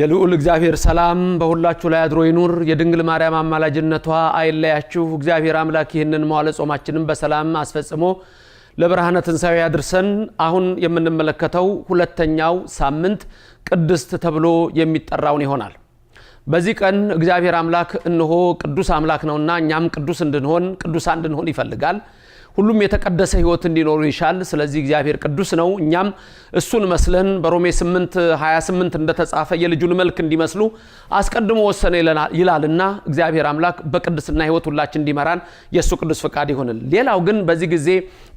የልዑል እግዚአብሔር ሰላም በሁላችሁ ላይ አድሮ ይኑር። የድንግል ማርያም አማላጅነቷ አይለያችሁ። እግዚአብሔር አምላክ ይህንን መዋለ ጾማችንን በሰላም አስፈጽሞ ለብርሃነ ትንሣኤ ያድርሰን። አሁን የምንመለከተው ሁለተኛው ሳምንት ቅድስት ተብሎ የሚጠራውን ይሆናል። በዚህ ቀን እግዚአብሔር አምላክ እነሆ ቅዱስ አምላክ ነውና እኛም ቅዱስ እንድንሆን ቅዱሳን እንድንሆን ይፈልጋል። ሁሉም የተቀደሰ ህይወት እንዲኖሩ ይሻል። ስለዚህ እግዚአብሔር ቅዱስ ነው። እኛም እሱን መስለን በሮሜ 8 28 እንደተጻፈ የልጁን መልክ እንዲመስሉ አስቀድሞ ወሰነ ይላልና እግዚአብሔር አምላክ በቅድስና ህይወት ሁላችን እንዲመራን የእሱ ቅዱስ ፈቃድ ይሆንል። ሌላው ግን በዚህ ጊዜ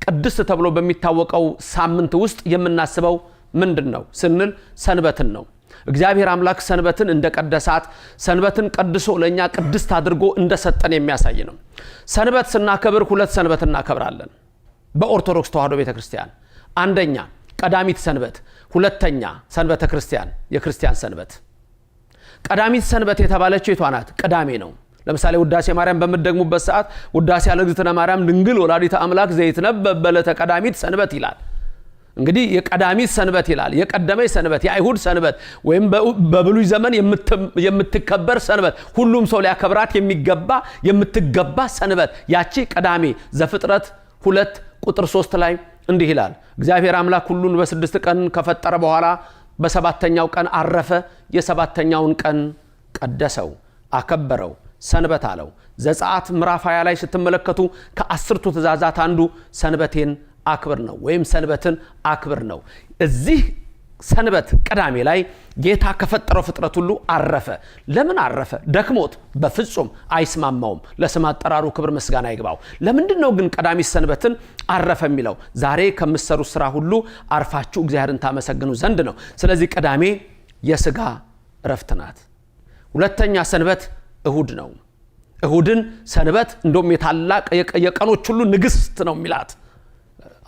ቅድስት ተብሎ በሚታወቀው ሳምንት ውስጥ የምናስበው ምንድን ነው ስንል ሰንበትን ነው። እግዚአብሔር አምላክ ሰንበትን እንደ ቀደሳት ሰንበትን ቀድሶ ለእኛ ቅድስት አድርጎ እንደሰጠን የሚያሳይ ነው። ሰንበት ስናከብር ሁለት ሰንበት እናከብራለን በኦርቶዶክስ ተዋሕዶ ቤተ ክርስቲያን። አንደኛ ቀዳሚት ሰንበት፣ ሁለተኛ ሰንበተ ክርስቲያን የክርስቲያን ሰንበት። ቀዳሚት ሰንበት የተባለችው የቷ ናት? ቅዳሜ ነው። ለምሳሌ ውዳሴ ማርያም በምትደግሙበት ሰዓት ውዳሴ ያለ እግዝእትነ ማርያም ድንግል ወላዲተ አምላክ ዘይትነበብ በዕለተ ቀዳሚት ሰንበት ይላል። እንግዲህ የቀዳሚት ሰንበት ይላል። የቀደመች ሰንበት፣ የአይሁድ ሰንበት ወይም በብሉይ ዘመን የምትከበር ሰንበት፣ ሁሉም ሰው ሊያከብራት የሚገባ የምትገባ ሰንበት ያቺ ቀዳሜ። ዘፍጥረት ሁለት ቁጥር ሶስት ላይ እንዲህ ይላል እግዚአብሔር አምላክ ሁሉን በስድስት ቀን ከፈጠረ በኋላ በሰባተኛው ቀን አረፈ። የሰባተኛውን ቀን ቀደሰው፣ አከበረው፣ ሰንበት አለው። ዘጸአት ምዕራፍ 20 ላይ ስትመለከቱ ከአስርቱ ትእዛዛት አንዱ ሰንበቴን አክብር ነው ወይም ሰንበትን አክብር ነው። እዚህ ሰንበት ቅዳሜ ላይ ጌታ ከፈጠረው ፍጥረት ሁሉ አረፈ። ለምን አረፈ? ደክሞት፣ በፍጹም አይስማማውም። ለስም አጠራሩ ክብር ምስጋና ይግባው። ለምንድን ነው ግን ቀዳሚ ሰንበትን አረፈ የሚለው? ዛሬ ከምትሰሩት ስራ ሁሉ አርፋችሁ እግዚአብሔርን ታመሰግኑ ዘንድ ነው። ስለዚህ ቅዳሜ የስጋ እረፍት ናት። ሁለተኛ ሰንበት እሁድ ነው። እሁድን ሰንበት እንደውም የታላቅ የቀኖች ሁሉ ንግስት ነው የሚላት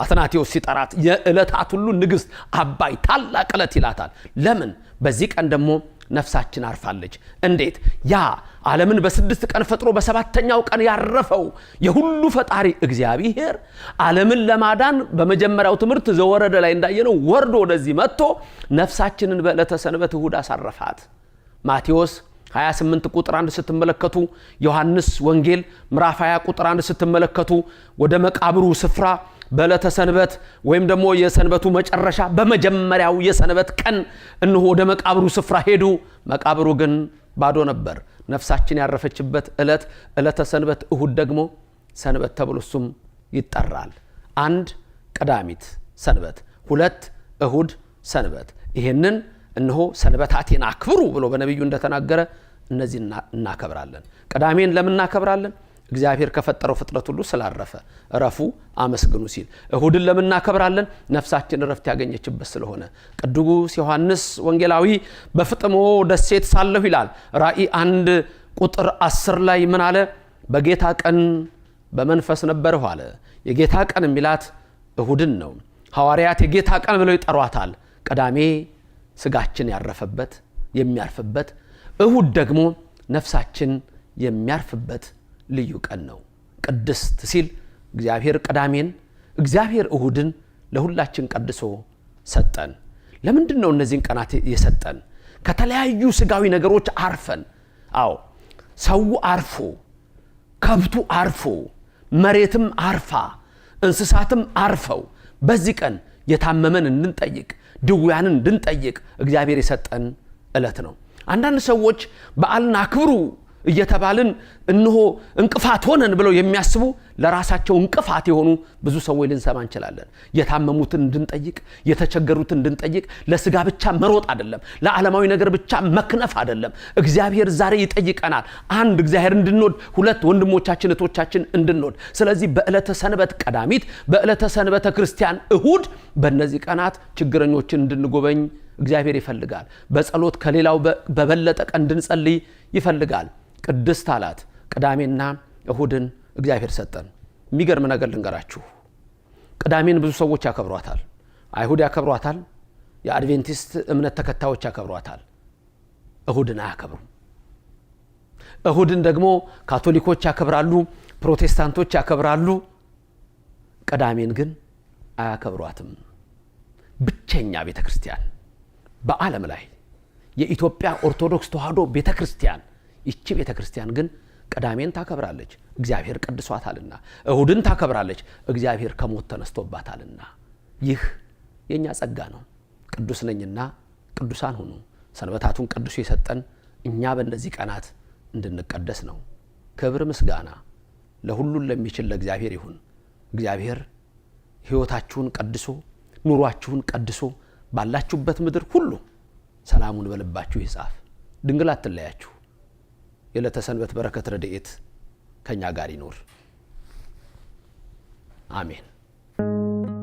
አትናቴዎስ ሲጠራት የዕለታት ሁሉ ንግሥት አባይ ታላቅ ዕለት ይላታል። ለምን? በዚህ ቀን ደግሞ ነፍሳችን አርፋለች። እንዴት? ያ ዓለምን በስድስት ቀን ፈጥሮ በሰባተኛው ቀን ያረፈው የሁሉ ፈጣሪ እግዚአብሔር ዓለምን ለማዳን በመጀመሪያው ትምህርት ዘወረደ ላይ እንዳየነው ወርዶ ወደዚህ መጥቶ ነፍሳችንን በዕለተ ሰንበት እሁድ አሳረፋት። ማቴዎስ 28 ቁጥር 1 ስትመለከቱ፣ ዮሐንስ ወንጌል ምዕራፍ 20 ቁጥር 1 ስትመለከቱ ወደ መቃብሩ ስፍራ በዕለተ ሰንበት ወይም ደግሞ የሰንበቱ መጨረሻ በመጀመሪያው የሰንበት ቀን እንሆ ወደ መቃብሩ ስፍራ ሄዱ። መቃብሩ ግን ባዶ ነበር። ነፍሳችን ያረፈችበት ዕለት ዕለተ ሰንበት፣ እሁድ ደግሞ ሰንበት ተብሎ እሱም ይጠራል። አንድ ቀዳሚት ሰንበት፣ ሁለት እሁድ ሰንበት። ይህንን እነሆ ሰንበታቴን አክብሩ ብሎ በነቢዩ እንደተናገረ እነዚህ እናከብራለን። ቅዳሜን ለምን እናከብራለን? እግዚአብሔር ከፈጠረው ፍጥረት ሁሉ ስላረፈ እረፉ አመስግኑ ሲል እሁድን ለምናከብራለን ነፍሳችን እረፍት ያገኘችበት ስለሆነ ቅዱስ ዮሐንስ ወንጌላዊ በፍጥሞ ደሴት ሳለሁ ይላል ራእይ አንድ ቁጥር አስር ላይ ምን አለ በጌታ ቀን በመንፈስ ነበርሁ አለ የጌታ ቀን የሚላት እሁድን ነው ሐዋርያት የጌታ ቀን ብለው ይጠሯታል ቅዳሜ ስጋችን ያረፈበት የሚያርፍበት እሁድ ደግሞ ነፍሳችን የሚያርፍበት ልዩ ቀን ነው። ቅድስት ሲል እግዚአብሔር ቅዳሜን፣ እግዚአብሔር እሁድን ለሁላችን ቀድሶ ሰጠን። ለምንድን ነው እነዚህን ቀናት የሰጠን? ከተለያዩ ስጋዊ ነገሮች አርፈን። አዎ ሰው አርፎ፣ ከብቱ አርፎ፣ መሬትም አርፋ፣ እንስሳትም አርፈው በዚህ ቀን የታመመን እንድንጠይቅ ድውያንን እንድንጠይቅ እግዚአብሔር የሰጠን ዕለት ነው። አንዳንድ ሰዎች በዓልን አክብሩ እየተባልን እንሆ እንቅፋት ሆነን ብለው የሚያስቡ ለራሳቸው እንቅፋት የሆኑ ብዙ ሰዎች ልንሰማ እንችላለን። የታመሙትን እንድንጠይቅ፣ የተቸገሩትን እንድንጠይቅ ለስጋ ብቻ መሮጥ አይደለም፣ ለዓለማዊ ነገር ብቻ መክነፍ አይደለም። እግዚአብሔር ዛሬ ይጠይቀናል። አንድ እግዚአብሔር እንድንወድ፣ ሁለት ወንድሞቻችን እህቶቻችን እንድንወድ። ስለዚህ በዕለተ ሰንበት ቀዳሚት፣ በዕለተ ሰንበተ ክርስቲያን እሁድ፣ በእነዚህ ቀናት ችግረኞችን እንድንጎበኝ እግዚአብሔር ይፈልጋል። በጸሎት ከሌላው በበለጠ ቀን እንድንጸልይ ይፈልጋል። ቅድስት አላት። ቅዳሜና እሁድን እግዚአብሔር ሰጠን። የሚገርም ነገር ልንገራችሁ። ቅዳሜን ብዙ ሰዎች ያከብሯታል። አይሁድ ያከብሯታል። የአድቬንቲስት እምነት ተከታዮች ያከብሯታል። እሁድን አያከብሩም። እሁድን ደግሞ ካቶሊኮች ያከብራሉ፣ ፕሮቴስታንቶች ያከብራሉ። ቅዳሜን ግን አያከብሯትም። ብቸኛ ቤተ ክርስቲያን በዓለም ላይ የኢትዮጵያ ኦርቶዶክስ ተዋሕዶ ቤተ ክርስቲያን ይቺ ቤተ ክርስቲያን ግን ቅዳሜን ታከብራለች፣ እግዚአብሔር ቀድሷታልና። እሁድን ታከብራለች፣ እግዚአብሔር ከሞት ተነስቶባታልና። ይህ የእኛ ጸጋ ነው። ቅዱስ ነኝና ቅዱሳን ሁኑ። ሰንበታቱን ቀድሶ የሰጠን እኛ በእነዚህ ቀናት እንድንቀደስ ነው። ክብር ምስጋና ለሁሉን ለሚችል ለእግዚአብሔር ይሁን። እግዚአብሔር ሕይወታችሁን ቀድሶ ኑሯችሁን ቀድሶ ባላችሁበት ምድር ሁሉ ሰላሙን በልባችሁ ይጻፍ። ድንግል አትለያችሁ። የዕለተ ሰንበት በረከት ረድኤት ከእኛ ጋር ይኖር። አሜን።